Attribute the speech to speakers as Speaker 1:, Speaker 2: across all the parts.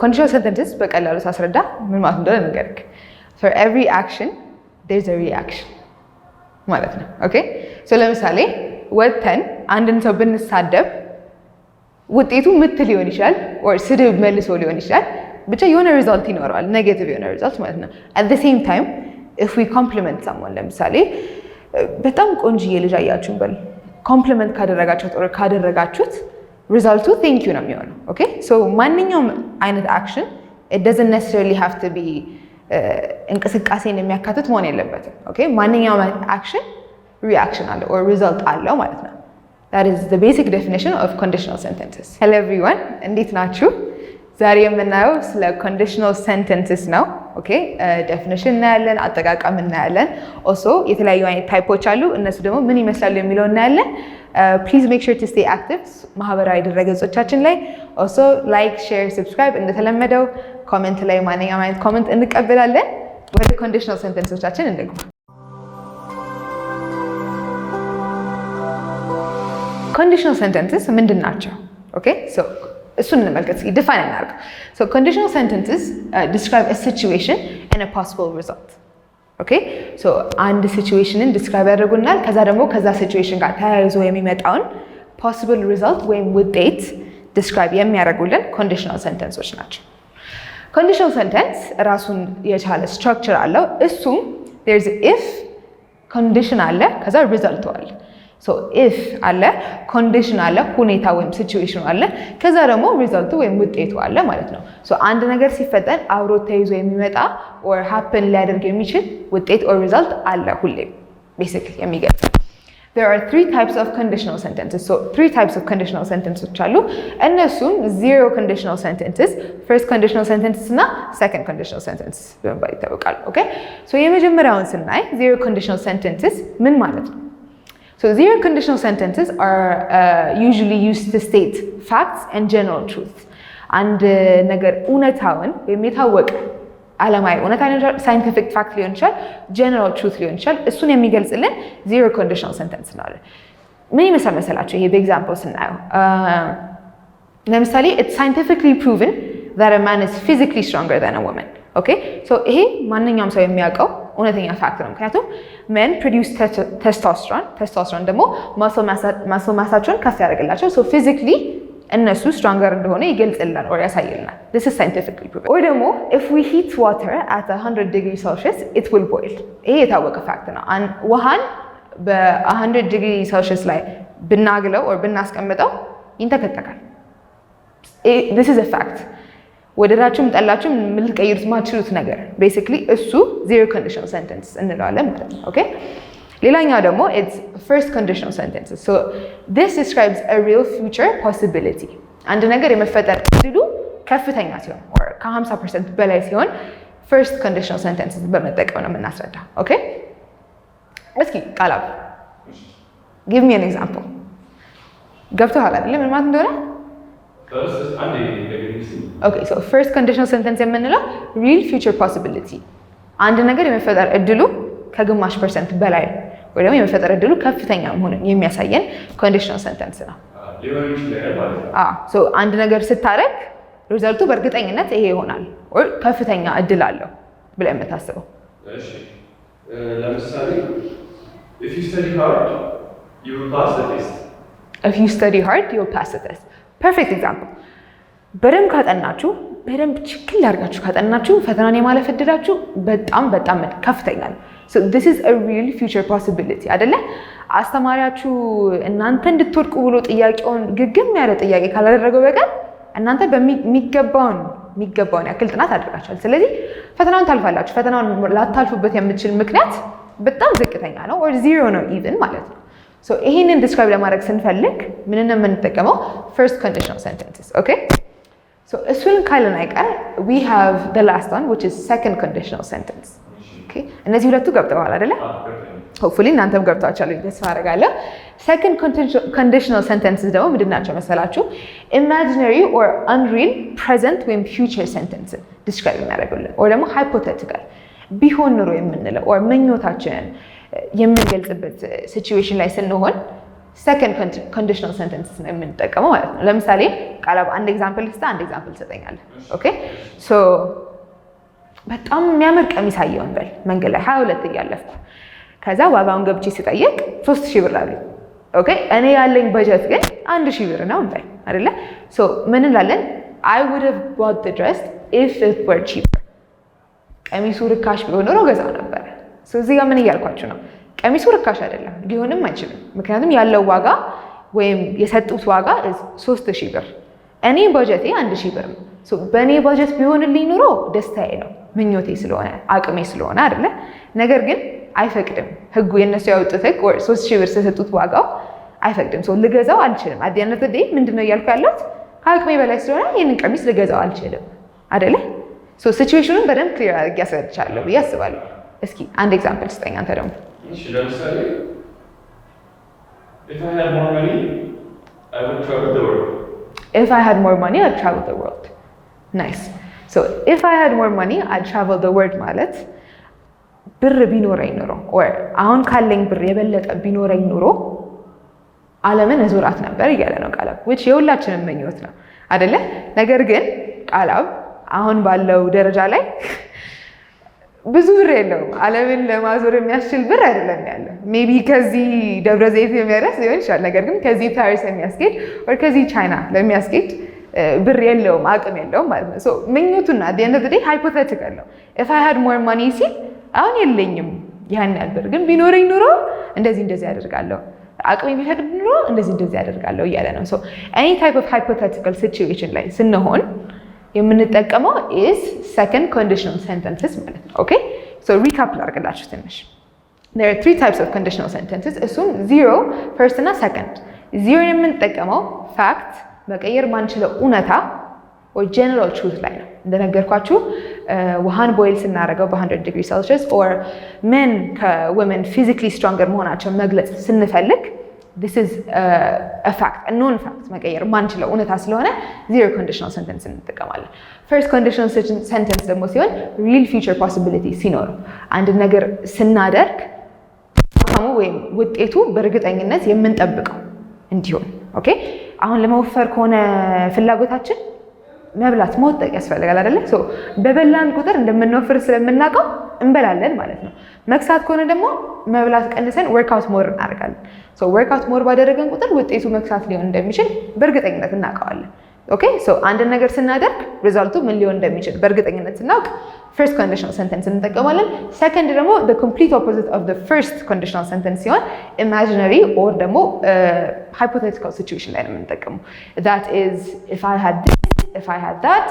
Speaker 1: ኮንዲሽናል ሰንተንስስ በቀላሉ ሳስረዳ ምን ማለት እንደሆነ ንገርክ። ፎር ኤቭሪ አክሽን ዴር ኤ ሪአክሽን ማለት ነው። ኦኬ ሶ ለምሳሌ ወጥተን አንድን ሰው ብንሳደብ ውጤቱ ምት ሊሆን ይችላል፣ ኦር ስድብ መልሶ ሊሆን ይችላል። ብቻ የሆነ ሪዛልት ይኖረዋል፣ ኔጌቲቭ የሆነ ሪዛልት ማለት ነው። አት ዘ ሴም ታይም ኢፍ ዊ ኮምፕሊመንት ሳሞን ለምሳሌ በጣም ቆንጅዬ ልጅ አያችሁን በል ኮምፕሊመንት ካደረጋችሁት ኦር ካደረጋችሁት ሪዛልቱ ቴንክ ዩ ነው የሚሆነው። ኦኬ ሶ ማንኛውም አይነት አክሽን ደዝን ነስሪ ሃቭ ቱ ቢ እንቅስቃሴን የሚያካትት መሆን የለበትም። ኦኬ ማንኛውም አክሽን ሪአክሽን አለው ኦር ሪዛልት አለው ማለት ነው። ዛት ኢዝ ዘ ቤሲክ ዴፊኒሽን ኦፍ ኮንዲሽናል ሴንተንስስ። ሄሎ ኤቭሪዋን እንዴት ናችሁ? ዛሬ የምናየው ስለ ኮንዲሽናል ሴንተንስስ ነው። ኦኬ ዴፊኒሽን uh, እናያለን፣ አጠቃቀም እናያለን። ኦሶ የተለያዩ አይነት ታይፖች አሉ። እነሱ ደግሞ ምን ይመስላሉ የሚለው እናያለን። ፕሊዝ ሜክ ሹር ቱ ስቴይ አክቲቭ ማህበራዊ ድረገጾቻችን ላይ ኦልሶ ላይክ፣ ሼር፣ ሰብስክራይብ እንደተለመደው ኮሜንት ላይ ማንኛውም አይነት ኮሜንት እንቀበላለን። ወደ ኮንዲሽናል ሴንተንሶቻችን እንግባ። ኮንዲሽናል ሴንተንስስ ምንድን ናቸው? ኦኬ ሶ እሱን እንመልከት። ዲፋይን እናድርግ። ኮንዲሽናል ሴንተንስስ ዲስክራይብ አ ሲቹዌሽን ኤንድ አ ፖሲብል ሪዛልት ኦኬ ሶ አንድ ሲቹዌሽንን ዲስክራይብ ያደርጉናል። ከዛ ደግሞ ከዛ ሲቹዌሽን ጋር ተያይዞ የሚመጣውን ፖስብል ሪዛልት ወይም ውጤት ዲስክራይብ የሚያደርጉልን ኮንዲሽናል ሰንተንሶች ናቸው። ኮንዲሽናል ሰንተንስ ራሱን የቻለ ስትራክቸር አለው። እሱም ኢፍ ኮንዲሽን አለ፣ ከዛ ሪዛልት አለ ኢፍ አለ ኮንዲሽን አለ ሁኔታ ወይም ሲቹዌሽኑ አለ ከዛ ደግሞ ሪዘልቱ ወይም ውጤቱ አለ ማለት ነው። አንድ ነገር ሲፈጠን አብሮ ተይዞ የሚመጣ ኦር ሀፕን ሊያደርግ የሚችል ውጤት ኦር ሪዘልት አለ ሁሌም ቤሲክ የሚገልጽ there are three types of conditional sentences so three types of conditional sentences አሉ እነሱም zero conditional sentences first conditional sentences እና second conditional sentences በመባል ይታወቃሉ ኦኬ ሶ የመጀመሪያውን ስናይ zero conditional sentences ምን ማለት ነው So zero conditional sentences are uh, usually used to state facts and general truths. አንድ uh, ነገር እውነታውን ወይም የታወቀ ዓለማዊ እውነታ ሳይንቲፊክ ፋክት ሊሆን ይችላል፣ ጀነራል ትሩት ሊሆን ይችላል። እሱን የሚገልጽልን ዜሮ ኮንዲሽናል ሰንተንስ እንላለን። ምን ይመስል መሰላቸው? ይሄ በኤግዛምፕል ስናየው uh, ለምሳሌ ኢትስ ሳይንቲፊክሊ ፕሩቭን ዛት ማን ኢዝ ፊዚካሊ ስትሮንገር ዛን ወመን። ኦኬ ሶ ይሄ ማንኛውም ሰው የሚያውቀው እውነተኛ ፋክት ነው። ምክንያቱም ሜን ፕሮዲውስ ቴስቶስትሮን፣ ቴስቶስትሮን ደግሞ ማስል ማሳቸውን ከፍ ያደርግላቸው ሶ ፊዚክሊ እነሱ ስትሮንገር እንደሆነ ይገልጽልናል ኦር ያሳይልናል። ስ ሳይንቲፊክ ወይ ደግሞ ኢፍ ዊ ሂት ዋተር አት 100 ዲግሪ ሴልሺየስ ኢት ዊል ቦይል። ይሄ የታወቀ ፋክት ነው። ውሃን በ100 ዲግሪ ሴልሺየስ ላይ ብናግለው ብናስቀምጠው ይንተከተካል። ስ ፋክት ወደዳችሁም ጠላችሁም ልትቀይሩት ማችሉት ነገር ቤሲክሊ እሱ ዜሮ ኮንዲሽናል ሰንተንስ እንለዋለን ማለት ነው። ኦኬ ሌላኛው ደግሞ ኢትስ ፈርስት ኮንዲሽናል ሰንተንስ ሶ ዲስ ዲስክራይብስ አ ሪል ፊውቸር ፖሲቢሊቲ አንድ ነገር የመፈጠር እድሉ ከፍተኛ ሲሆን ኦር ከ50 ፐርሰንት በላይ ሲሆን ፈርስት ኮንዲሽናል ሰንተንስ በመጠቀም ነው የምናስረዳ። ኦኬ እስኪ ቃላሉ ጊቭ ሚ አን ኤግዛምፕል ገብቶሃል አይደል ምን ማለት እንደሆነ ፈርስት ኮንዲሽናል ሰንተንስ የምንለው ሪል ፊውቸር ፖሲቢሊቲ አንድ ነገር የመፈጠር እድሉ ከግማሽ ፐርሰንት በላይ ወይ ደግሞ የመፈጠር እድሉ ከፍተኛ መሆኑን የሚያሳየን ኮንዲሽናል ሰንተንስ ነው። uh, አንድ ነገር ስታደርግ ሪዘልቱ በእርግጠኝነት ይሄ ይሆናል ወይ ከፍተኛ እድል አለው ብለህ የምታስበው uh,
Speaker 2: ለምሳሌ if you study
Speaker 1: hard you will pass ፐርፌክት ኤግዛምፕል። በደንብ ካጠናችሁ፣ በደንብ ችክል ያርጋችሁ ካጠናችሁ ፈተናን የማለፍ እድላችሁ በጣም በጣም ከፍተኛ ነው። ዲስ ኢዝ አ ሪል ፊውቸር ፖሲቢሊቲ አይደለ? አስተማሪያችሁ እናንተ እንድትወድቁ ብሎ ጥያቄውን ግግም ያለ ጥያቄ ካላደረገው በቀር እናንተ በሚገባውን የሚገባውን ያክል ጥናት አድርጋችኋል። ስለዚህ ፈተናውን ታልፋላችሁ። ፈተናውን ላታልፉበት የምትችል ምክንያት በጣም ዝቅተኛ ነው፣ ኦር ዚሮ ነው ኢቭን ማለት ነው። ይሄንን ዲስክራይብ ለማድረግ ስንፈልግ ምንን ነው የምንጠቀመው? ፈርስት ኮንዲሽናል ሴንተንስስ ኦኬ። እሱን ካለን አይቀር ዊ ሃቭ ዘ ላስት ዋን ዊች ኢዝ ሰከንድ ኮንዲሽናል ሴንተንስ። እነዚህ ሁለቱ ገብተዋል አይደለ? ሆፕፉሊ እናንተም ገብታችኋል ተስፋ አደርጋለሁ። ሰከንድ ኮንዲሽናል ሴንተንስስ ደግሞ ምንድን ናቸው መሰላችሁ? ኢማጂነሪ ኦር አንሪል ፕሬዘንት ወይም ፊውቸር ሴንተንስን ዲስክራይብ የሚያደርጉልን ኦር ደግሞ ሃይፖቴቲካል ቢሆን ኑሮ የምንለው ኦር ምኞታችንን የምንገልጽበት ሲቹዌሽን ላይ ስንሆን ሰከንድ ኮንዲሽናል ሰንተንስ ነው የምንጠቀመው ማለት ነው። ለምሳሌ ቃላ አንድ ኤግዛምፕል ልስታ አንድ ኤግዛምፕል ትሰጠኛለህ። ኦኬ ሶ በጣም የሚያምር ቀሚስ አየሁኝ በል መንገድ ላይ ሀያ ሁለት እያለፍኩ ከዛ ዋጋውን ገብቼ ስጠየቅ ሶስት ሺህ ብር አለኝ። ኦኬ እኔ ያለኝ በጀት ግን አንድ ሺህ ብር ነው እንበል አይደለ? ሶ ምን እንላለን? አይ ውድ ሃቭ ቦት ድረስ ኢፍ ኢት ወር ቀሚሱ ርካሽ ቢሆን ኖሮ ገዛው ነበረ እዚህ ጋር ምን እያልኳችሁ ነው? ቀሚሱ ርካሽ አይደለም፣ ሊሆንም አይችልም። ምክንያቱም ያለው ዋጋ ወይም የሰጡት ዋጋ ሶስት ሺህ ብር፣ እኔ በጀቴ አንድ ሺህ ብር ነው። በእኔ በጀት ቢሆንልኝ ኑሮ ደስታዬ ነው፣ ምኞቴ ስለሆነ አቅሜ ስለሆነ አይደለ። ነገር ግን አይፈቅድም ህጉ። የእነሱ ያወጡት ህግ ሶስት ሺህ ብር ስለሰጡት ዋጋው አይፈቅድም። ልገዛው አልችልም። አዲነት ዴ ምንድነው እያልኩ ያለሁት ከአቅሜ በላይ ስለሆነ ይህንን ቀሚስ ልገዛው አልችልም አደለ ሲቹዌሽኑን በደንብ ክሊር አድርጌ ያስረድቻለሁ ብዬ አስባለሁ። እስኪ አንድ ኤግዛምፕል ስጠኝ አንተ ደግሞ።
Speaker 2: እሺ ለምሳሌ if I had more money I would travel the world.
Speaker 1: if I had more money I'd travel the world. ናይስ if I had more money I'd travel the world ማለት ብር ቢኖረኝ ኑሮ ወይ አሁን ካለኝ ብር የበለጠ ቢኖረኝ ኑሮ ዓለምን እዞራት ነበር እያለ ነው ቃላብ። which የሁላችንም ምኞት ነው አይደለ? ነገር ግን ቃላብ አሁን ባለው ደረጃ ላይ ብዙ ብር የለውም። ዓለምን ለማዞር የሚያስችል ብር አይደለም ያለው። ሜቢ ከዚህ ደብረ ዘይት የሚያደርስ ሊሆን ይችላል። ነገር ግን ከዚህ ፓሪስ የሚያስጌድ ወይ ከዚህ ቻይና ለሚያስጌድ ብር የለውም፣ አቅም የለውም ማለት ነው። ምኞቱና ዲንድ ዴ ሃይፖቴቲካል ነው። ኢፍ አይ ሃድ ሞር ማኒ ሲል አሁን የለኝም ያን ያህል ብር፣ ግን ቢኖረኝ ኑሮ እንደዚህ እንደዚህ ያደርጋለሁ አቅም የሚፈቅድ ኑሮ እንደዚህ እንደዚህ ያደርጋለሁ እያለ ነው። ኤኒ ታይፕ ኦፍ ሃይፖቴቲካል ሲቹዌሽን ላይ ስንሆን የምንጠቀመው ኢዝ ሰከንድ ኮንዲሽናል ሰንተንስስ ማለት ነው። ኦኬ ሶ ሪካፕ ላድርግላችሁ ትንሽ። there are three types of conditional sentences እሱም ዚሮ ፈርስት እና ሰከንድ። ዚሮ የምንጠቀመው ፋክት መቀየር ማንችለው እውነታ ወይ ጀነራል ትሩት ላይ ነው። እንደነገርኳችሁ uh, ውሃን ቦይል ስናደርገው በ100 ዲግሪ ሴልሺየስ ኦር ሜን ከወመን ፊዚካሊ ስትሮንገር መሆናቸው መግለጽ ስንፈልግ ፋክት ኖን ፋክት መቀየር ማንችለው እውነታ ስለሆነ ዜሮ ኮንዲሽናል ሰንተንስ እንጠቀማለን። ፈርስት ኮንዲሽናል ሰንተንስ ደግሞ ሲሆን ሪል ፊውቸር ፖሲቢሊቲ ሲኖር አንድ ነገር ስናደርግ አካሙ ወይም ውጤቱ በእርግጠኝነት የምንጠብቀው እንዲሆን። ኦኬ አሁን ለመወፈር ከሆነ ፍላጎታችን መብላት መወጠቅ ያስፈልጋል አይደለ? በበላን ቁጥር እንደምንወፍር ስለምናውቀው እንበላለን ማለት ነው። መክሳት ከሆነ ደግሞ መብላት ቀንሰን ወርክአውት ሞር እናደርጋለን። ወርክአውት ሞር ባደረገን ቁጥር ውጤቱ መክሳት ሊሆን እንደሚችል በእርግጠኝነት እናውቀዋለን። ኦኬ ሶ አንድን ነገር ስናደርግ ሪዛልቱ ምን ሊሆን እንደሚችል በእርግጠኝነት ስናውቅ ፈርስት ኮንዲሽናል ሰንተንስ እንጠቀማለን። ሰከንድ ደግሞ ኮምፕሊት ኦፖዚት ኦፍ ፈርስት ኮንዲሽናል ሰንተንስ ሲሆን ኢማጂነሪ ኦር ደግሞ ሃይፖቴቲካል uh, ሲቹዌሽን ላይ ነው የምንጠቀመው። ዛት ኢዝ ኢፍ አይ ሃድ ዲስ ኢፍ አይ ሃድ ዛት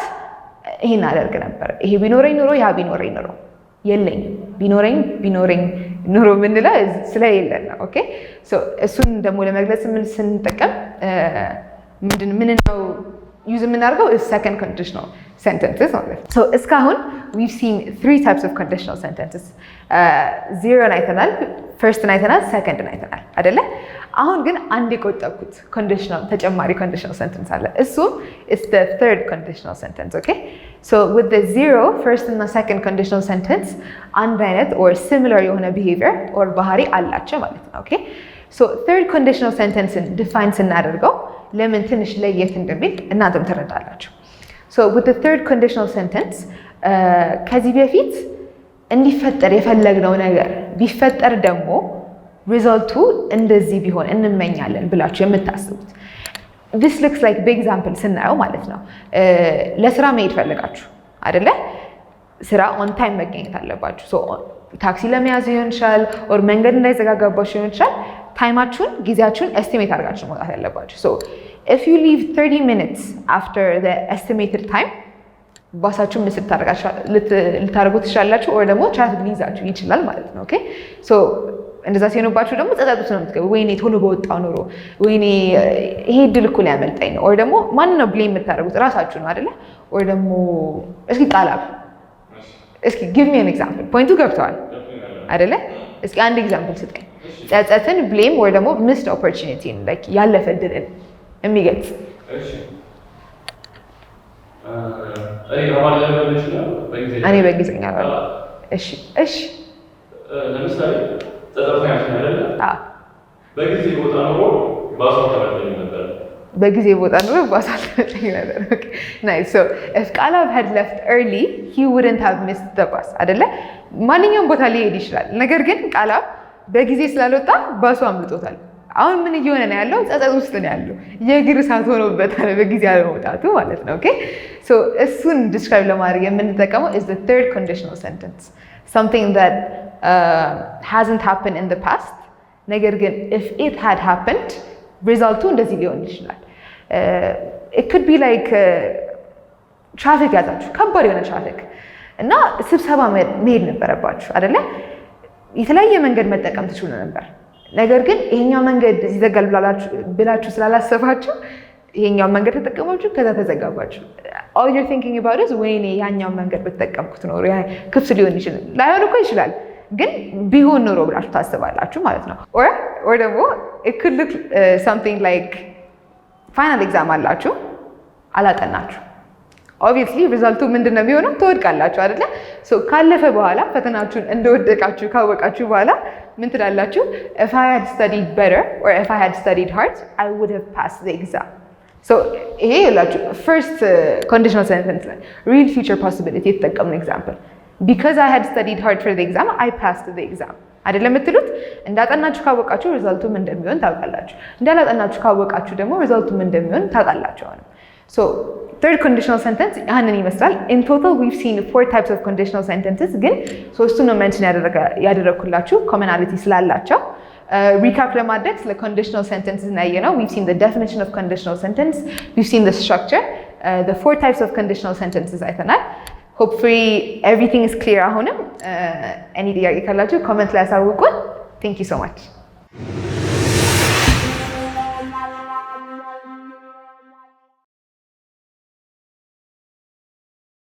Speaker 1: ይሄን አደርግ ነበር፣ ይሄ ቢኖረኝ ኖሮ ያ ቢኖረኝ ኑሮ የለኝም። ቢኖረኝ ቢኖረኝ ኑሮ የምንለው ስለሌለን ነው። ኦኬ እሱን ደግሞ ለመግለጽ ምን ስንጠቀም ምንድን ምን ነው ዩዝ የምናደርገው ሰከንድ ኮንዲሽናል ሰንተንስስ ማለት ነው። እስካሁን ዊቭ ሲን ትሪ ታይፕስ ኦፍ ኮንዲሽናል ሰንተንስስ ዜሮን አይተናል፣ ፈርስትን አይተናል፣ ሰከንድን አይተናል አይደለ? አሁን ግን አንድ የቆጠብኩት ኮንዲሽናል ተጨማሪ ኮንዲሽናል ሰንተንስ አለ። እሱም ኢስ ዘ ተርድ ኮንዲሽናል ሰንተንስ ኦኬ። ሶ ዊዝ ዘ ዚሮ ፈርስት እና ሰከንድ ኮንዲሽናል ሰንተንስ አንድ አይነት ኦር ሲሚላር የሆነ ቢሄቪየር ኦር ባህሪ አላቸው ማለት ነው። ኦኬ ሶ ተርድ ኮንዲሽናል ሰንተንስን ዲፋይን ስናደርገው ለምን ትንሽ ለየት እንደሚል እናንተም ትረዳላችሁ። ሶ ዊዝ ዘ ተርድ ኮንዲሽናል ሰንተንስ ከዚህ በፊት እንዲፈጠር የፈለግነው ነገር ቢፈጠር ደግሞ ሪዘልቱ እንደዚህ ቢሆን እንመኛለን ብላችሁ የምታስቡት ዲስ ሉክስ ላይክ በኤግዛምፕል ስናየው ማለት ነው። ለስራ መሄድ ፈለጋችሁ አይደለ? ስራ ኦን ታይም መገኘት አለባችሁ። ታክሲ ለመያዝ ሊሆን ይችላል፣ ኦር መንገድ እንዳይዘጋጋባችሁ ሊሆን ይችላል። ታይማችሁን፣ ጊዜያችሁን ኤስቲሜት አድርጋችሁ መውጣት ያለባችሁ። ኢፍ ዩ ሊቭ 30 ሚኒትስ አፍተር ዘ ኤስቲሜትድ ታይም ባሳችሁ ምስል ልታደርጉ ትችላላችሁ፣ ኦር ደግሞ ቻት ሊይዛችሁ ይችላል ማለት ነው ኦኬ ሶ እንደዛ ሲሆንባችሁ ደግሞ ጸጸት ውስጥ ነው የምትገቡ። ወይኔ ቶሎ በወጣው ኑሮ ወይኔ ይሄ ድል እኮ ሊያመልጠኝ ነው። ወይ ደግሞ ማን ነው ብሌም የምታደርጉት ራሳችሁ ነው አይደለ? ወይ ደግሞ እስኪ ቃላ እስኪ ጊቭ ሚ አን ኤግዛምፕል። ፖይንቱ ገብተዋል አይደለ? እስኪ አንድ ኤግዛምፕል ስጠኝ። ጸጸትን፣ ብሌም ወይ ደግሞ ምስድ ኦፖርቹኒቲን ላይክ ያለፈ ድልን የሚገልጽ እኔ በእንግሊዝኛ እሺ እሺ
Speaker 2: ለምሳሌ በጊዜ ቦታ ኖሮ ባሱ ተመጠኝ ነበር።
Speaker 1: በጊዜ ቦታ ኖሮ ባሱ ነበር። ቃላብ ሀድ ለፍት ኤርሊ ሂ ውድንት ሃቭ ሚስድ ዘ ባስ አይደለ? ማንኛውም ቦታ ሊሄድ ይችላል። ነገር ግን ቃላብ በጊዜ ስላልወጣ ባሱ አምልጦታል። አሁን ምን እየሆነ ነው ያለው? ጸጸት ውስጥ ነው ያለው። የእግር እሳት ሆኖበታል በጊዜ አለመውጣቱ ማለት ነው። እሱን ዲስክራይብ ለማድረግ የምንጠቀመው ኢዝ ዘ ተርድ ኮንዲሽናል ሰንተንስ something that ሃዝንት ሃፕን ኢን ፓስት ነገር ግን ኢፍ ኢት ሃድ ሃፕንድ ሪዛልቱ እንደዚህ ሊሆን ይችላል። ኢክድ ቢ ላይክ ትራፊክ ያዛችሁ ከባድ የሆነ ትራፊክ እና ስብሰባ መሄድ ነበረባችሁ አደለ? የተለያየ መንገድ መጠቀም ትችሉ ነበር። ነገር ግን ይሄኛው መንገድ ይዘጋል ብላችሁ ስላላሰባችሁ ይሄኛው መንገድ ተጠቀማችሁ፣ ከዛ ተዘጋባችሁ። ኦል ዩር ቲንኪንግ አባውት ኢዝ ወይኔ ያኛውን መንገድ በተጠቀምኩት ኖሮ ክፍት ሊሆን ይችላል ላይሆን እኮ ይችላል ግን ቢሆን ኖሮ ብላችሁ ታስባላችሁ ማለት ነው። ኦር ደግሞ ክልክ ሰምቲንግ ላይክ ፋይናል ኤግዛም አላችሁ አላጠናችሁ ኦብቪየስሊ ሪዛልቱ ምንድን ነው የሚሆነው? ትወድቃላችሁ አይደለ? ሶ ካለፈ በኋላ ፈተናችሁን እንደወደቃችሁ ካወቃችሁ በኋላ ምን ትላላችሁ? ኢፍ አይ ሃድ ስተዲድ ቤተር ኦር ኢፍ አይ ሃድ ስተዲድ ሃርድ አይ ውድ ሃቭ ፓስ ዘ ኤግዛም። ሶ ይሄ ይላችሁ ፈርስት ኮንዲሽናል ሴንተንስ ላይ ሪል ፊውቸር ፖሲቢሊቲ የተጠቀምን ኤግዛምፕል ቢካዝ አይ ሀድ ስተዲድ ሃርድ ፎር ኤግዛም አይ ፓስድ ኤግዛም አይደለም የምትሉት? እንዳጠናችሁ ካወቃችሁ ሪዛልቱም እንደሚሆን ታውቃላችሁ። እንዳላጠናችሁ ካወቃችሁ ደግሞ ሪዛልቱም እንደሚሆን ታውቃላችሁ። አሁንም ሶ ተርድ ኮንዲሽናል ሰንተንስ ያህንን ይመስላል። ኢን ቶታል ዊቭ ሲን ፎር ታይፕስ ኦፍ ኮንዲሽናል ሰንተንስስ፣ ግን ሶስቱን ነው መንሽን ያደረግኩላችሁ ኮመናሊቲ ስላላቸው። ሪካፕ ለማድረግ ስለ ኮንዲሽናል ሰንተንስስ እናየነው። ዊቭ ሲን ዴፊኒሽን ኦፍ ኮንዲሽናል ሰንተንስ፣ ዊቭ ሲን ስትራክቸር፣ ፎር ታይፕስ ኦፍ ኮንዲሽናል ሰንተንስስ አይተናል። ሆፕፉሊ ኤቭሪቲንግ ኢዝ ክሊር። አሁንም እኔ uh, ጥያቄ ካላችሁ ኮመንት ላይ ያሳውቁን። ቴንክ ዩ ሶ ማች